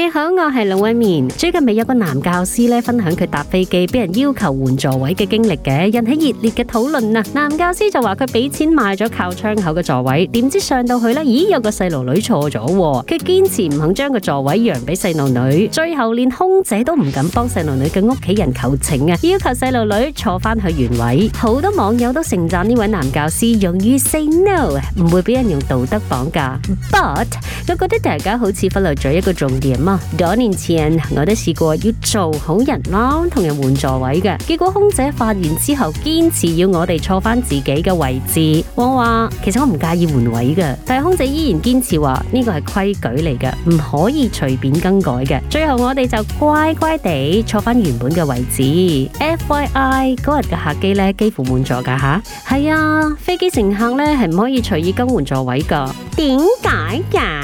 你好，我係龍紋敏。最近咪有個男教師咧，分享佢搭飛機俾人要求換座位嘅經歷嘅，引起熱烈嘅討論啊！男教師就話佢俾錢買咗靠窗口嘅座位，點知上到去咧，咦，有個細路女坐咗，佢堅持唔肯將個座位讓俾細路女，最後連空姐都唔敢幫細路女嘅屋企人求情啊，要求細路女坐翻去原位。好多網友都盛讚呢位男教師勇於 say no，唔會俾人用道德綁架。But，佢覺得大家好似忽略咗一個重點。多、啊、年前我都試過要做好人啦，同人換座位嘅，結果空姐發現之後堅持要我哋坐翻自己嘅位置。我話其實我唔介意換位嘅，但、就、係、是、空姐依然堅持話呢個係規矩嚟嘅，唔可以隨便更改嘅。最後我哋就乖乖地坐翻原本嘅位置。F Y I 嗰日嘅客機咧幾乎滿座噶吓，係啊，飛機乘客咧係唔可以隨意更換座位噶，點解噶？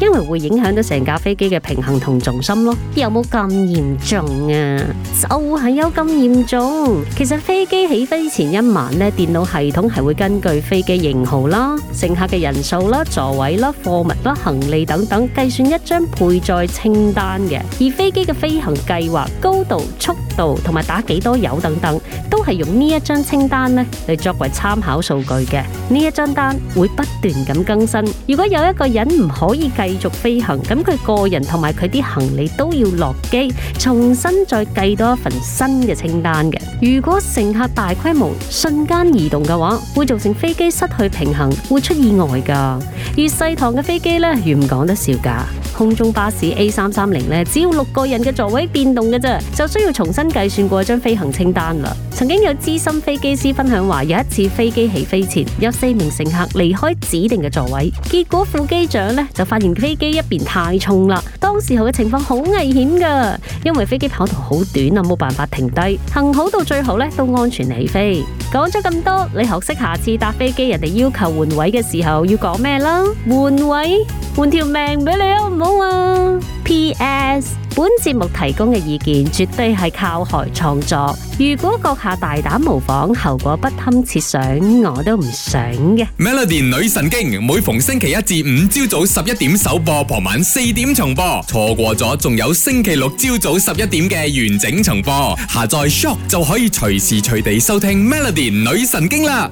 因為會影響到成架飛機嘅平衡同重心咯，有冇咁嚴重啊？就係有咁嚴重。其實飛機起飛前一晚咧，電腦系統係會根據飛機型號啦、乘客嘅人數啦、座位啦、貨物啦、行李等等，計算一張配載清單嘅。而飛機嘅飛行計劃、高度、速度同埋打幾多油等等，都係用呢一張清單咧嚟作為參考數據嘅。呢一張單會不斷咁更新。如果有一個人唔好。可以繼續飛行，咁佢個人同埋佢啲行李都要落機，重新再計多一份新嘅清單嘅。如果乘客大規模瞬間移動嘅話，會造成飛機失去平衡，會出意外㗎。越細堂嘅飛機呢，越唔講得笑㗎。空中巴士 A 三三零咧，只要六個人嘅座位變動嘅啫，就需要重新計算過張飛行清單啦。曾經有資深飛機師分享話，有一次飛機起飛前，有四名乘客離開指定嘅座位，結果副機長呢就發現飛機一邊太重啦，當時候嘅情況好危險噶，因為飛機跑道好短啊，冇辦法停低，幸好到最後呢都安全起飛。講咗咁多，你學識下次搭飛機人哋要求換位嘅時候要講咩啦？換位，換條命俾你啊，唔好呀。P.S. 本節目提供嘅意見絕對係靠害創作，如果閣下大膽模仿，後果不堪設想，我都唔想嘅。Melody 女神經每逢星期一至五朝早十一點首播，傍晚四點重播，錯過咗仲有星期六朝早十一點嘅完整重播。下載 shop 就可以隨時隨地收聽 Melody 女神經啦。